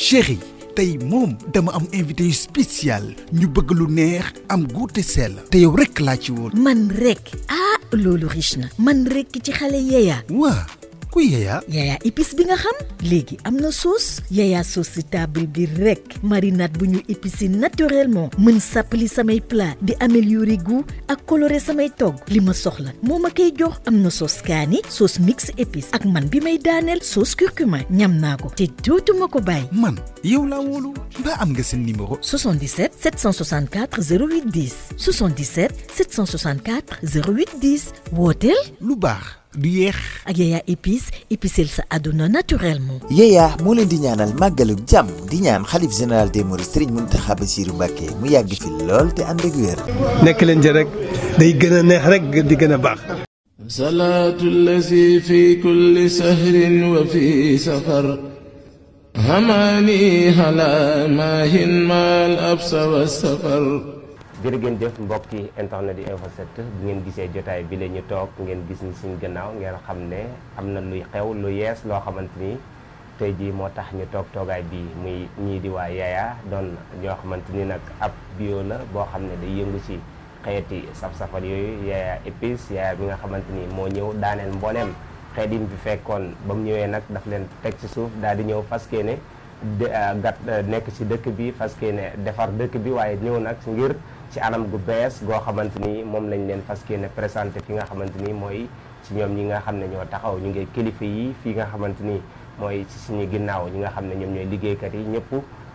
chéri tey moom dama am invité yu spécial ñu bëgg lu neex am guute sell te yow rek laa ci woon man rekk ah loolu riche na man rek ci xale yeeya kuy yeeyaa yeeyaa épice bi nga xam léegi am na soos yeeyaa sauce si table bi rek marinade bu ñu épicé naturellement mën sàppali samay plat di améliorer goût ak coloré samay togg li ma soxla moo ma koy jox am na sauce kaani sauce mix épice ak man bi may daaneel sauce curcuma ñam naa ko te dootuma ko bàyyi man yow laa wóolu mbaa am nga seen numéro 77 764 08 10 77 764 08 10 wooteel lu baax du yéex. ak Yaya épice épicel sa àdduna di ñaanal màggalu jàmm di ñaan xalif général des Mourides Serigne Mountakha Bassirou Mbacké mu yàgg fi lool te ànd ak nekk leen ci day gën a neex rek di gën a baax. salaatu lazi fi kulli sahrin wa fi safar hamani hala maahin maal absa wa safar. jërë ngeen jëf mbokki internet di info bi ngeen gisee jotaay bi la ñu toog ngeen gis ni suñ gannaaw ngeen xam ne am na luy xew lu yees loo xamante ni tey jii moo tax ñu toog toogaay bii muy ñii di waaye Yaya doon ñoo xamante ni nag ab bio la boo xam ne day yëngu ci xeeti saf-safal yooyu Yaya épices Yaya bi nga xamante ni moo ñëw daaneel mbooleem xeet yi mu fekkoon ba mu ñëwee nag daf leen teg ci suuf daal di ñëw fas yéene ah, gat ah, nekk ci dëkk bi fas yéene defar dëkk bi waaye ñëw nag ngir ci anam gu bees goo xamante ni moom lañ leen fas ne présenté fi nga xamante ni mooy ci ñoom ñi nga xam ne ñoo taxaw ñu ngi kilifa yi fii nga xamante ni mooy ci suñu ginnaaw ñi nga xam ne ñoom ñooy liggéeykat yi ñëpp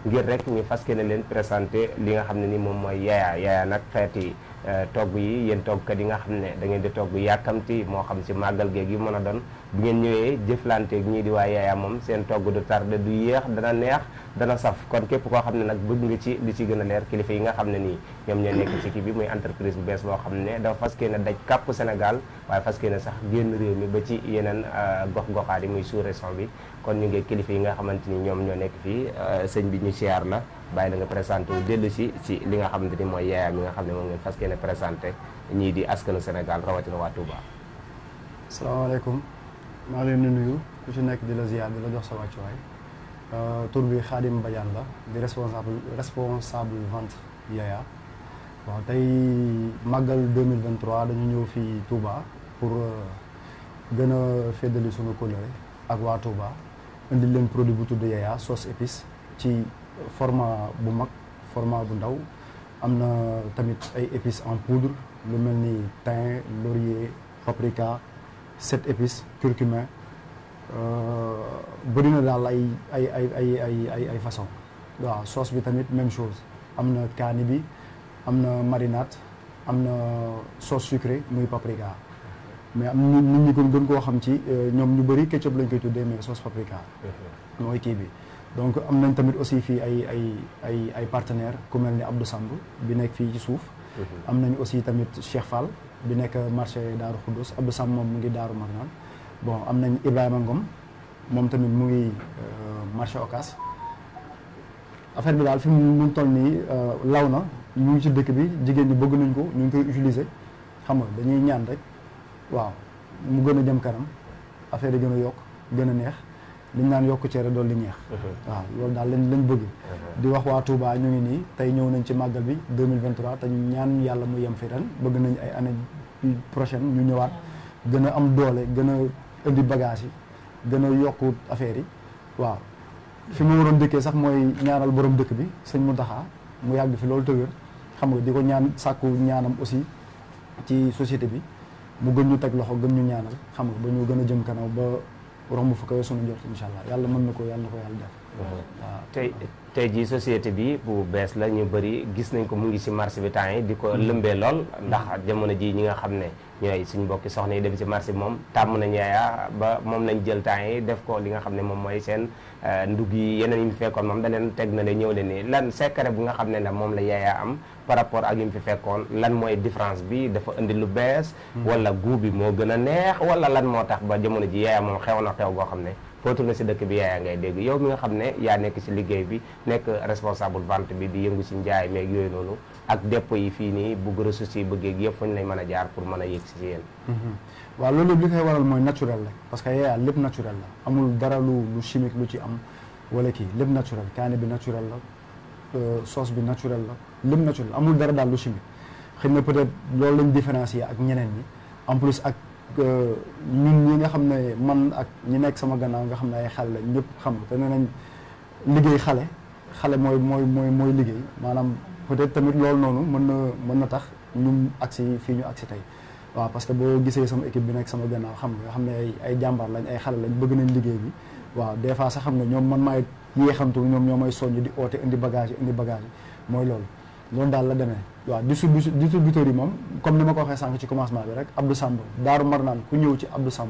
ngir rek ñu fas yéene leen présenté li nga xam ne ni moom mooy yaayaa yaayaa nag xeeti euh, togg yi yéen toggkat yi nga xam ne da ngeen di togg yàkkamti moo xam ci màggal géeg yi mën a doon bu ngeen ñëwee jëflanteeg ñii di waaye yaayaa moom seen togg du tardé du yéex dana neex dana saf kon képp koo xam ne nag bëgg nga ci li ci gën a leer kilifa yi nga xam ne nii ñoom ñoo nekk ci kii bi muy entreprise bu bees boo xam ne dafa fas yéene daj kàpp Sénégal waaye fas yéene sax génn réew mi ba ci yeneen euh, gox-goxaat yi muy sous-région bi kon ñu ngi kilifa yi nga xamante ni ñoom ñoo nekk fii euh, sëñ bi ñu siyaar la bàyyi la nga présenté wu dellu si ci li nga xam ne ni mooy yaayam yi nga xam ne moom ngeen fas yéene présenté ñii di askanu Sénégal rawatina waa Touba. asalaamaaleykum maa ngi leen di nuyu ku ci nekk di la ziar di la jox sa Euh, tur bi Khadim Badiane la di responsable responsable vente Yaya waaw tey màggal 2023 dañu ñëw fii Touba pour euh, gën a feddali suñu coloré ak waa Touba indi leen produit bu tudd Yaya sauce épice ci format bu mag format bu ndaw am na tamit ay épices en poudre lu mel ni thym laurier paprika sept épices curcumin Euh, bëri na daal ay ay ay ay ay ay ay façon waaw sauce bi tamit même chose am na kaani bi am na marinade am na sauce sucrée muy paprika mais am na nit ñi ko gën koo xam ci euh, ñoom ñu bëri ketchup lañ koy tuddee mais sauce paprika mooy kii bi donc am nañ tamit aussi fii ay ay ay ay partenaires ku mel ni Abdou Samb bi nekk fii ci suuf mhm. am nañ aussi tamit Cheikh Fall bi nekk marché Daaru Xuddus Abdou Samb moom mu ngi Daaru Marnaan bon am nañ Ibrahima Ngom moom tamit mu ngi euh, marché okas affaire bi daal fi mu toll nii euh, law na ñu ngi ci dëkk bi jigéen ñi bëgg nañ ko ñu ngi koy utiliser xam nga dañuy ñaan rek waaw mu gën a jëm kanam affaire yi gën a yokk gën a neex liñ ñaan yokk cere dool li ñeex uh-huh. waaw loolu daal lañ lañ bëgg uh-huh. di wax waa Touba ñu ngi nii tey ñëw nañ ci màggal bi 2023 te ñu ñaan yàlla mu yem fi ren bëgg nañ ay année prochaine ñu ñëwaat gën a am doole gën a indi bagage yi gën a yokk affaire yi waaw fi mu waroon dëkkee sax mooy ñaanal borom dëkk bi sëñ Mountakha mu yàgg fi loolu tëwër xam nga di ko ñaan sàkku ñaanam aussi ci société bi mu gën ñu teg loxo gën ñu ñaanal xam nga ba ñu gën a jëm kanam ba romb fa kawe sunu njort incha allah yàlla mën na ko yàlla na ko yàlla def waaw tey tey jii societé bi bu bees la ñu bëri gis nañ ko mu ngi ci marché bi temps yi di ko lëmbee lool ndax jamono ji ñi nga xam ne ñooy suñu mbokki soxna yi dem ci marché bi moom tàmm nañ yaaya ba moom lañ jël temps yi def ko li nga xam ne moom mooy seen euh, ndug yi yeneen yi fekkoon moom da teg na ne ñëw leen nii lan secret bu nga xam ne la moom la yaaya am par rapport ak yi mu fi fekkoon lan mooy différence bi dafa indi lu bees hmm. wala goût bi moo gën a neex wala lan moo tax ba jamono ji yaaya moom xew na xew boo xam ne foo tourné si dëkk bi yaayaa ngay dégg yow mi nga xam ne yaa nekk si liggéey bi nekk responsable vente bi di yëngu si njaay meeg yooyu noonu ak dépôt yi fii nii bu ressources yi bëggee yëpp fañ lañ mën a jaar pour mën a yëg si si yéen mm-hmm. loolu li koy waral mooy naturel la parce que yaayaa lépp naturel la amul dara lu chimique lu ci am wala kii lépp naturel kaani bi naturel la euh, sauce bi naturel la lépp naturel amul dara daal lu chimique xëy na peut-être loolu ñun ñi nga xam ne man ak ñi nekk sama gannaaw nga xam ne ay xale lañ ñëpp xam te ne nañ liggéey xale xale mooy mooy mooy mooy liggéey maanaam peut-être tamit loolu noonu mën na mën na tax ñu agsi fii ñu agsi tey waaw parce que boo gisee sama équipe bi nekk sama gannaaw xam nga xam ne ay ay jàmbaar lañ ay xale lañ bëgg nañ liggéey bi waaw des fois sax xam ne ñoom man maay yeexantu ñoom ñoo may soññ di oote indi bagage indi bagage mooy loolu noonu daal la demee waaw distributeurs yi moom comme ni ma ko waxee sànq ci commencement bi rek Abdou Samb Daaru Marnaan ku ñëw ci Abdou Samb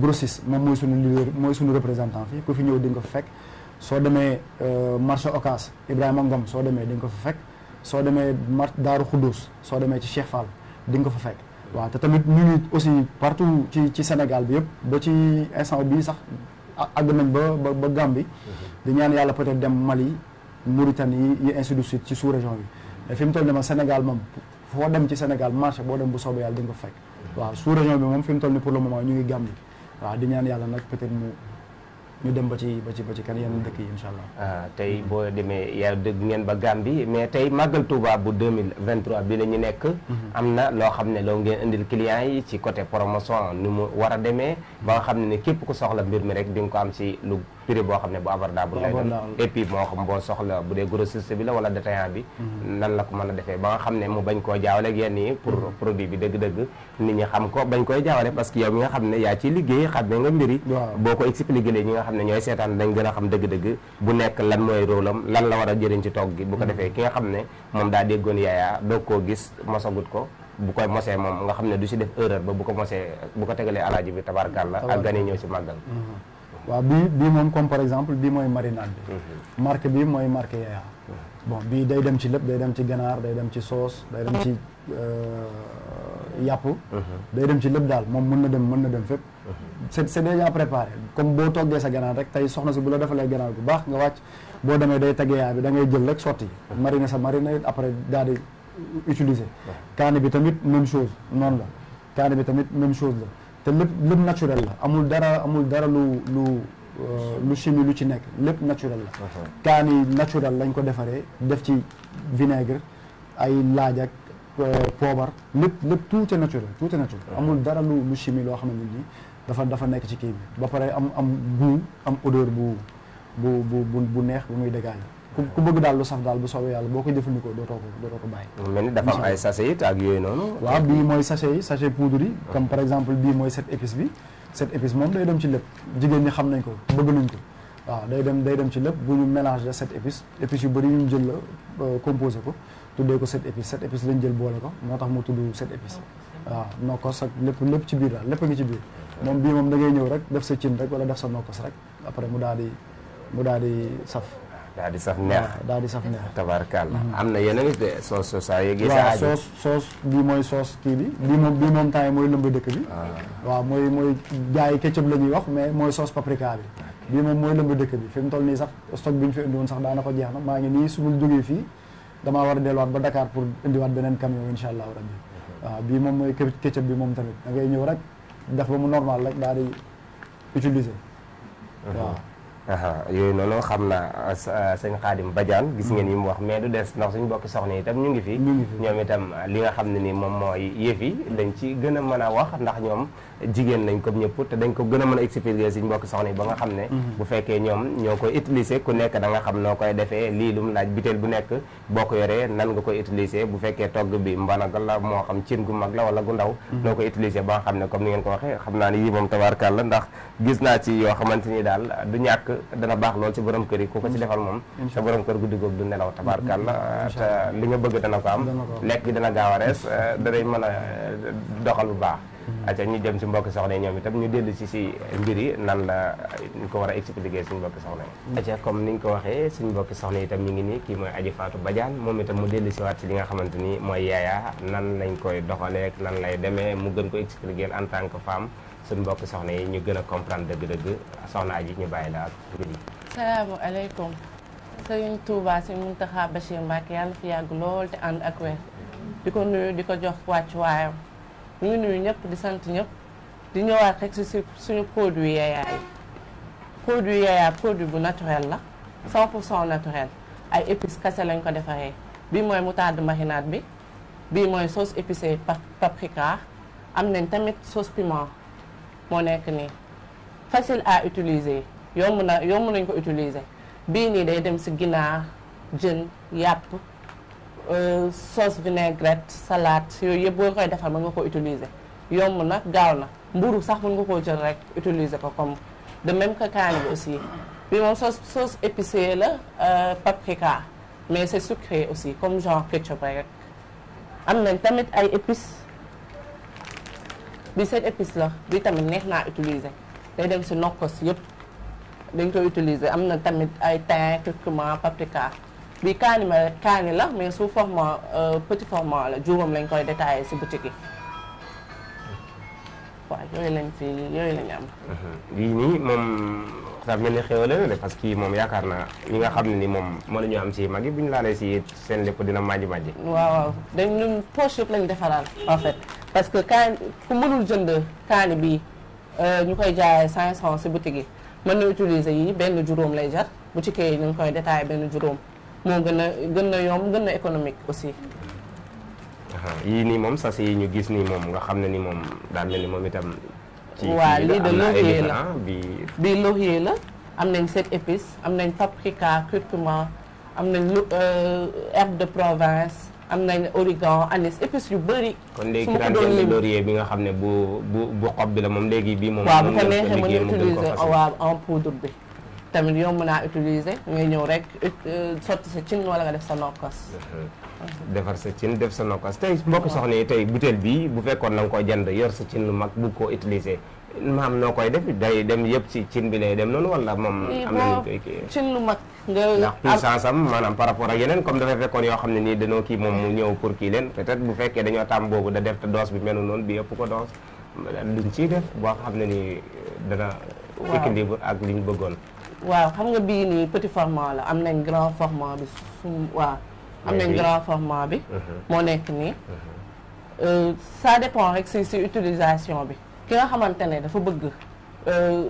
grossiste moom mooy suñu leader mooy suñu représentant fii ku fi ñëw di nga soo demee euh, marché Ocas Ibrahima Ngom soo demee di nga ko fa fekk soo demee mar Daaru Xuddus soo demee ci Cheikh Fall di nga fa fekk waaw tamit ñu ngi aussi ci ci Sénégal bi yëpp ba ci instant bii sax àgg nañ ba ba ba Gambie mhm. di ñaan yàlla peut-être dem Mali Mauritanie yi ainsi de suite ci sous-région bi mais mu toll nii ma Sénégal moom foo dem ci Sénégal marché boo dem bu soobee yàlla di nga ko fekk waaw sous région bi moom fi mu toll ni pour le moment ñu ngi Gambie waaw di ñaan yàlla nag peut-être mu ñu dem ba ci ba ci ba kan yenn dëkk yi incha allah. Ah, tey boo demee yaa dëgg ngeen ba Gambie mais tey Magal Touba bu 2023 bi la ñu nekk. Mhm. am na loo xam ne loo ngeen indil clients yi ci côté promotion ni mu war a demee ba nga xam ne képp ku soxla mbir mi rek di nga ko am ci lu. prix boo xam ne bu abordable lay doon et puis moo xam boo soxla bu dee grossiste bi la wala détaillant bi mm-hmm. nan la ko mën a defee ba nga xam ne mu bañ koo jaawale ak yenn yi pour mm-hmm. produit bi dëgg-dëgg nit ñi xam ko bañ koy jaawale parce que yow nga xam ne yaa ciy liggéey xam ne nga mbiri boo ko expliqué nga xam ne ñooy seetaan dañ gën a xam dëgg bu nekk lan mooy rôle am la war a jëriñ ci togg gi bu ko mm-hmm. defee ki nga xam ne moom daa déggoon yaayaa doog koo gis mosagut ko bu koy mosee moom nga xam ne du si def erreur ba bu ko mosee bu ko tegalee alaaji bi tabarkàlla ak gan yi ñëw si màggal waaw bii bii moom comme par exemple bii mooy marinade bi mhm. marque bi mooy marque Yaya mhm. bon bii day dem ci lépp day dem ci ganaar day dem ci soos day dem ci mhm. euh, yàpp day dem ci lépp daal moom mën na dem mën na dem fépp c'est c'est déjà préparé comme boo toggee sa ganaar rek tey soxna si bu la defalee ganaar bu baax nga wàcc boo demee day teg yaay bi dangay ngay jël rek sotti mariner sa mariner après daal di utiliser kaani bi tamit même chose noonu la kaani bi tamit même chose la te lépp lépp naturel la amul dara amul dara lu lu euh, lu chimie lu ci nekk lépp naturel la uh-huh. kaani naturel lañ ko defaree def ci vinaigre ay laaj ak euh, poobar lépp lépp tout est naturel tout est naturel uh-huh. amul dara lu lu chimie loo xamante ni dafa dafa nekk ci kii bi ba pare am am goût am odeur bu bu bu neex bu muy dégagé ku bëgg daal lu saf daal bu soobee yàlla boo ko jëfandikoo dootoo ko dootoo ko bàyyi mel ni dafa am ay sachet ak yooyu noonu waaw bii mooy sachet yi sachet poudre yi ah. comme par exemple bii mooy sept épices bi sept épices moom day dem ci lépp jigéen ñi xam nañ ko bëgg nañ ko waaw day dem day dem ci lépp bu ñu mélange la sept épices épices yu bëri jël la euh, composé ko tuddee ko sept épices sept épices lañ jël boole ko moo tax mu tudd sept épices waaw nokkos ci biir daal lépp a ngi ci biir moom bii moom da ngay ñëw rek rek wala def sa nokkos rek après mu daal di mu daal di saf daal di saf neex daal di saf neex tabarkalla mm-hmm. am na yeneen it de soos saa yeeg waaw soos soos bii mooy soos kii bi bii moom bii moom temps yi mooy lëmb dëkk bi ah. waaw mooy mooy jaay ketchup la ñuy wax mais mooy soos paprika bi bii moom mooy lëmb dëkk bi fi mu toll nii sax stock bi ñu fi indi woon sax daana ko jeex na maa ngi nii su ma jógee fii damaa war a delluwaat ba Dakar pour indiwaat beneen camion insha allahu a waaw bii moom mooy kë ketchup bi moom tamit da ngay ñëw rek def ba mu normal rek daal di utiliser uh-huh. waaw yooyu noonu xam naa sëñ Xaadim Badiane gis ngeen yi mu wax mais du des ndax suñu bokki soxna itam ñu ngi fi ñoom itam li ni moom mooy yëf yi lañ ci a mën a ndax ñoom jigéen lañ comme ñëpp te dañ ko gën a mën a expliquer suñu bokki soxna ba nga xam ne mhm. bu fekkee ñoom ñoo koy utiliser ku nekk da nga xam noo koy defee lii lu mu laaj biteel bu nekk boo ko yoree nan nga koy utiliser bu fekkee togg bi mbanagal la moo xam cin gu mag la wala gu ndaw mhm. noo koy utiliser ba nga xam ne comme ni ngeen ko waxee xam naa ni yii moom tabarkàlla ndax gis naa ci yoo xamante daal du ñàkk dana baax lool ci borom kër yi ku ko ci defal moom sa borom kër guddi googu du nelaw tabaarkàlla te li nga bëgg dana ko am lekk gi dana gaaw a rees eh, danay mën a eh, doxal bu baax Mm-hmm. aca ñu jëm si mbokk soxna yi ñoom itam ñu dellu si si mbir nan la ñu ko war a expliquer suñu mbokk soxna yi mm-hmm. aca comme soxna yi ñu ngi nii kii mooy Aji Fatou Badiane moom itam mu dellu si waat mu gën ko expliquer en a comprendre dëgg-dëgg soxna Aji ñu bàyyi la ak mbir yi salaamaaleykum sëriñ Touba si Muntaxa Bachir Mbacke yàlla fi yàgg lool te ànd ak wér di ko nuyu di ko jox wàccuwaayam ñu ngi nuyu ñëpp di sant ñëpp di ñëwaat rek si suñu produit Yaya yi produit Yaya produit bu naturel la 100 pour cent naturel ay épices kase lañ ko defaree bii mooy moutarde marinade bi bii mooy sauce épicée paprika am nañ tamit sauce piment moo nekk nii facile à utiliser yomb na yomb nañ ko utiliser bii nii day dem si ginaar jën yàpp Euh, sauce vinaigrette salaat yooyu yëpp boo koy defar mën nga ko utiliser yomb nag gaaw na mburu sax mën nga koo jël rek utiliser ko comme de même que kaani bi aussi bi moom sauce sauce la euh, paprika mais c'est sucré aussi comme genre ketchup rek am nañ tamit ay épices bi seen épice la bi tamit neex naa utiliser day dem si nokkos yëpp dañ koy utiliser am na tamit ay thym curcuma paprika bi kaani ma kaani la mais sous format euh, petit format la juróom lañ koy détaillé si boutique yi yooyu lañ fi yooyu am. Uh-huh. lii nii moom sax mel ni xéwale na de parce que moom yaakaar naa ñi nga xam ne ni moom moo mënuñu am si mag yi bu ñu laalee si seen lépp dina màjji màjji. waaw waaw dañ ñun poche yëpp lañ defaraal parce que kaani ku mënul jënd kaani bi euh, ñu koy jaayee 500 si boutique yi mën na utiliser yi benn juróom lay jar boutique yi ñu ngi koy détaillé benn juróom. moo gën a gën a yoon gën a économique aussi. yii nii moom sas yi ñu gis nii moom nga xam ne ni moom daal na ni moom itam. ci waa lii de laurier la bi bii laurier la am nañ sept épices am nañ paprika curcuma am nañ lu euh, de province am nañ origan anis épices yu bari kon léegi daal laurier bi nga xam ne bu bu bu xob bi la moom léegi bii moom. waaw bu ko neexee mën a utiliser waaw en poudre bi. tamit yomb naa utiliser ngay ñëw rek euh, sotti sa cin wala nga def sa nokkos defar sa cin def sa nokkos tey mbokk soxna yi tey butéel bii bu fekkoon na nga ko jënd yor sa cin lu mag bu koo utiliser maam noo koy def day dem yëpp ci cin bi lay dem noonu wala moom am na ñu koy kii cin lu mag nga ndax puissance am maanaam par rapport ak yeneen comme dafay fekkoon yoo xam ne nii dañoo kii moom mu ñëw pour kii leen peut-être bu fekkee dañoo tàmm boobu da def te doos bi mel noonu bi yëpp ko doos duñ ciy def boo xam ne nii dana équilibre ak li ñu bëggoon waaw xam nga bii nii petit format la am nañ grand format bi su waaw am nañ grand format bi uh-huh. moo nekk nii uh-huh. euh, ça dépend rek si si utilisation bi ki nga xamante ne dafa bëgg euh,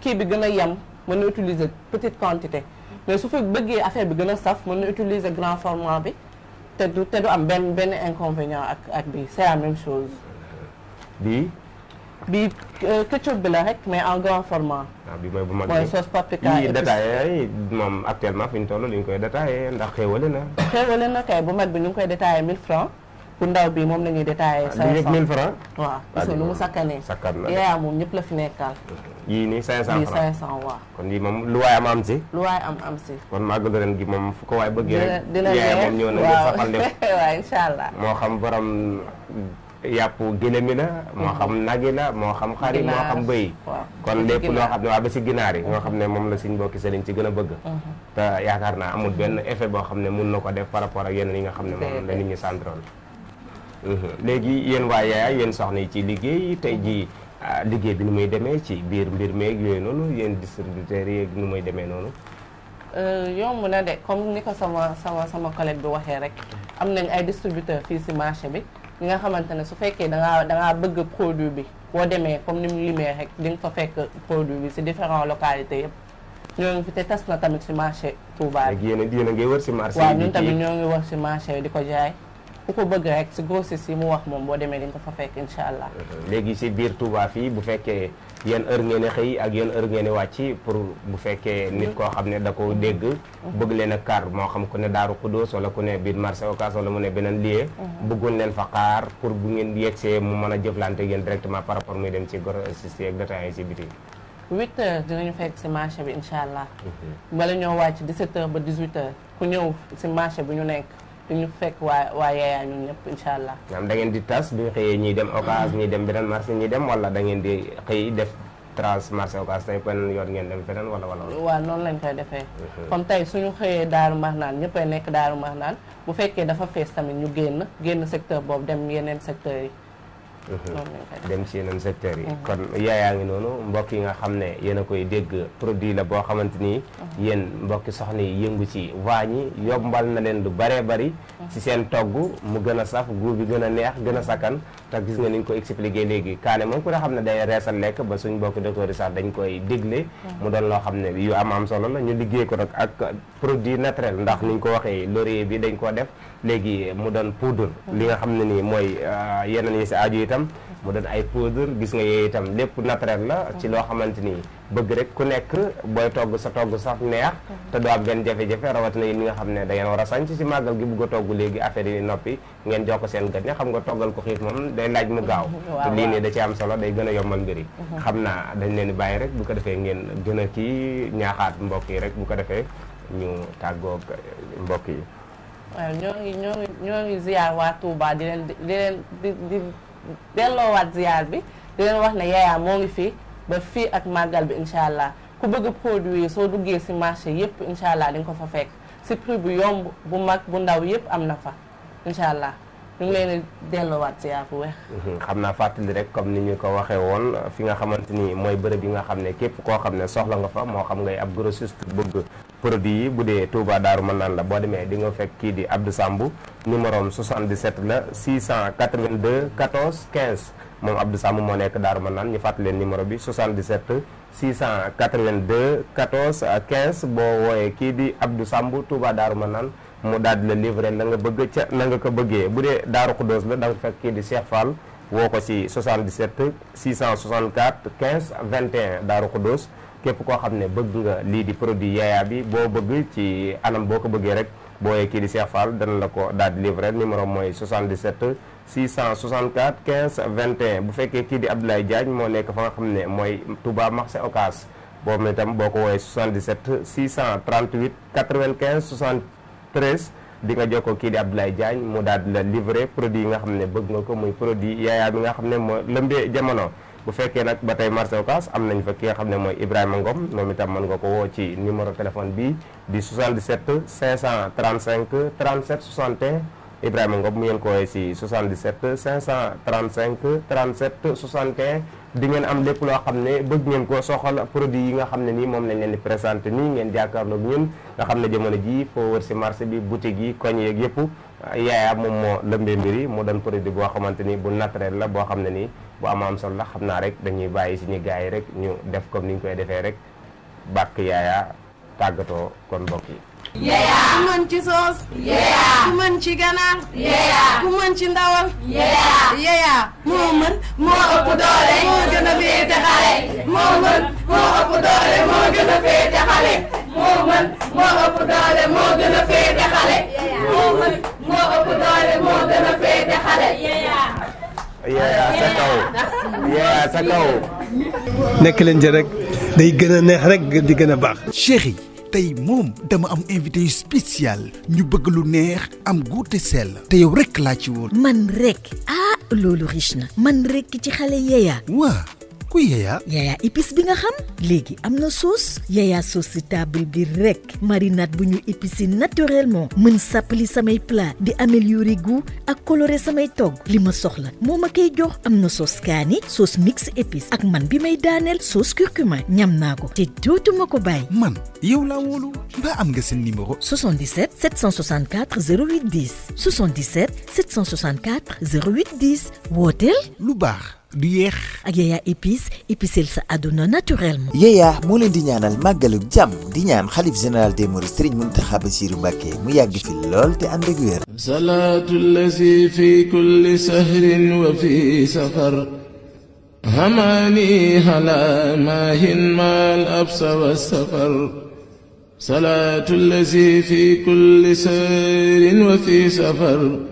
kii bi gën a yem mën na utiliser petite quantité mais su fa bëggee affaire bi gën a saf mën na utiliser grand format bi te du te am benn benn inconvénient ak ak bii c'est la même chose bii bi euh, ketchup bi la rek mais en grand format. waaw ah, bi mooy bu mag mooy sauce paprika yi détaillé moom actuellement fi ñu toll li ñu koy détaillé ndax xéewale na. xéewale na kay bu mag bi ñu koy détaillé 1000 francs bu ndaw bi moom la ñuy détaillé. 500 ah 1000 francs. waaw parce que lu mu sakkanee. ñëpp la fi nekkal. yii nii 500 francs kon yii moom lu waay am am si. lu waay am am si. kon màggalu ren gi moom fu ko waay bëggee rek. dina dina moom ñëw na ñu saxal lépp. waaw allah moo xam borom. yàpp gélemi mhm. la moo xam nagi la moo xam xari moo xam bëy kon lépp loo xam ne waa ba si ginaar yi nga mhm. xam ne moom la suñ mbokki sëriñ ci gën a bëgg mhm. te yaakaar naa amul benn effet boo xam ne mun na ko def par rapport ak yeneen yi nga xam ne moom la nit ñi sàntroon léegi yéen waaye yaay yéen soxna yi ci liggéey tey jii ah, liggéey bi nu muy demee ci biir mbir meeg yooyu noonu yéen distributeurs yeeg nu muy demee noonu euh, yomb na de comme ni ko sama sama sama collègue bi waxee rek am nañ ay distributeur fii si bi yi nga xamante ne su fekkee dangaa dangaa bëgg produit bi boo demee comme ni mu limee rek di nga fa fekk produit bi si différentes localités yëpp ñoo ngi fi te tas na tamit si marché Touba bi. ak yéen a yéen wër si marché. waaw ñun tamit ñoo ngi wër si marché di ko jaay. ku ko bëgg si mu wax moom boo demee dañ ko fa fekk incha allah. léegi si biir Touba fii bu fekkee yan heure ngeen xëy ak yan heure ngeen wàcc pour bu fekkee nit koo xam ne da ko dégg. bëgg leen a kar moo xam ku ne Daaru Kudus wala ku ne biir marché Ocass wala mu ne beneen lieu. Mhm. bëggoon leen fa xaar pour bu ngeen yegsee mu mën a jëflante yéen directement par rapport muy dem ci grossiste yi ak détaillants yi si biti. 8 heures dinañu fekk si marché bi incha allah. Mhm. bala ñoo wàcc 17 ba 18 heures ku ñëw si bi ñu nekk. du ñu fekk waa waa yaaya ñun ñëpp allah. maanaam da ngeen di tas bu ñu xëyee ñuy dem Ocass ñuy dem beneen marché ñuy dem wala da ngeen di xëy def trans marché Ocass tey beneen yoon ngeen dem feneen wala wala. waa noonu lañ koy defee. Mhm. comme tey suñu xëyee Daaru Marnaan ñëppay nekk Daaru Marnaan bu fekkee dafa fees tamit ñu génn génn secteur boobu dem yeneen secteurs yi. Mhm. dem ci yeneen secteurs yi mhm. kon yaa ngi noonu mbokk yi nga xam ne yéen a koy dégg produit la boo xamante ni mhm. yéen mbokki soxna yi yëngu ci waañ yi yombal na leen lu baree bari ci seen togg mu gën a saf guub bi gën a neex gën a sakkan te gis nga niñ ko expliqué léegi kaane moom ku ne xam ne day reesal lekk ba suñ mbokk docteur yi sax dañ koy digle mu doon loo xam ne yu am am solo la ñu liggéey ko nag ak produit naturel ndax ni ko waxee laurier bi dañ koo def léegi mu doon poudre li nga xam ne nii mooy euh, yeneen yi si aju itam mu doon ay poudre gis nga yooyu itam lépp naturel la ci loo xamante ni bëgg rek ku nekk booy togg sa togg sax neex te doo am benn jafe-jafe rawatina yi ñi nga xam ne da ngeen war a sanc si màggal gi bugg a togg léegi affaire yi noppi ngeen jox ko seen gan ña xam nga toggal ko xiif moom day laaj mu gaaw te lii nii da ci am solo day gën a yombal mbir yi mhm. xam naa dañ leen di bàyyi rek bu ko defee ngeen gën a kii ñaaxaat mbokk yi rek bu ko defee ñu tàggoog mbokk yi waaw ñoo ngi ñoo ngi ñoo ngi delloowaat ziar bi di wax na yaayaa moo ngi fi ba fii ak màggal bi incha allah ku bëgg produit soo duggee si marché yépp incha allah di ko fa fekk si bu yomb bu mag bu ndaw yépp am na fa incha allah ñu ngi leen di delloowaat ziar bu weex. Mhm. xam naa fàttali rek comme ni ñu ko waxee woon fi nga xamante ni mooy bërëb yi nga xam ne képp koo xam ne soxla nga fa moo xam ngay ab grossiste bëgg. produit yi bu dee Touba Daaru mën naan la boo demee di nga fekk kii di Abdou Samb numéro 77 la 682 14 15 moom Abdou Samb moo nekk Daaru mën naan ñu fàttali leen numéro bi 77 682 14 15 boo wooyee kii di Abdou Samb Touba Daaru mën naan mu daal di la livré la nga bëgg ca na nga ko bëggee bu dee Daaru Xudóos la da fekk kii di Cheikh Fall woo ko ci 77 664 15 21 Daaru Xudóos képp koo xam ne bëgg nga lii di produit Yaya bi boo bëgg ci anam boo ko bëggee rek booyee kii di Cheikh Fall dana la ko daal di livré numéro mooy 77 664 15 21 bu fekkee kii di Abdoulaye Diagne moo nekk fa nga xam ne mooy Touba marché Ocass boobu tam boo ko woowee 77 638 95 73 di nga jokkoo kii di Abdoulaye Diagne mu daal di la livré produit yi nga xam ne bëgg nga ko muy produit Yaya bi nga xam ne moo lëmbee jamono. bu fekkee nag ba tey marché am nañ fa ki nga xam ne mooy Ibrahima Ngom moom itam mën nga ko woo ci numéro téléphone bi di 77 535 37 61 Ibrahima Ngom mu ngeen ko woowee si 77 535 37 61 di ngeen am lépp loo xam ne bëgg ngeen ko soxal produit yi nga xam ne nii moom lañ leen di présenté nii ngeen jàkkaarloog ñun nga xam ne jamono jii foo wër si marché bi boutique yi koñ yeeg yëpp yaaya moom moo lëmbee mbir yi mu doon produit boo xamante ni bu naturel la boo xam ne nii bu am am solo la xam naa rek dañuy bàyyi suñu gars yi rek ñu def comme ni ñu koy defee rek bàkk yaaya tàggatoo kon mbokk yi. ku mën ci soos. ku mën ci ganaar. yeeyaa ku mën ci ndawal. yeeyaa moo mën moo ëpp doole moo gën a féete a xale. moo mën moo ëpp doole moo gën a féete a xale. sa kaw yaa sa kaw nekk leen jë rek day gën a neex rek di gën a baax chéri tey moom dama am invité yu spécial ñu bëgg lu neex am guute sell te yow rekk laa ci woon man rek ah loolu riche na man rek ci xale yeeyaa waaw ku yeeyaa yeeyaa épice bi nga xam léegi am na soos yeeyaa sauce si table bi rek marinade bu ñu épicé naturellement mën sàppali samay plat di améliorer goût ak colorer samay togg li ma soxla moo ma koy jox am na sauce kaani sauce mix épice ak man bi may daaneel sauce curcuma ñam naa ko te dootuma ko bàyyi man yow laa wóolu mbaa am nga seen numéro 77 764 08 10 77 764 08 10 wooteel lu baax du yéex. ak Yaya épice épicel sa àdduna naturellement. Yaya moo leen di ñaanal màggalug jàmm di ñaan xalif général des mourides Serigne Mountakha Bassirou Mbacké mu yàgg fi lool te ànd ak wér. fi kulli sahrin wa fi safar hamani hala mahin mal absa wa safar salaatu lazi fi kulli sahrin wa fi safar.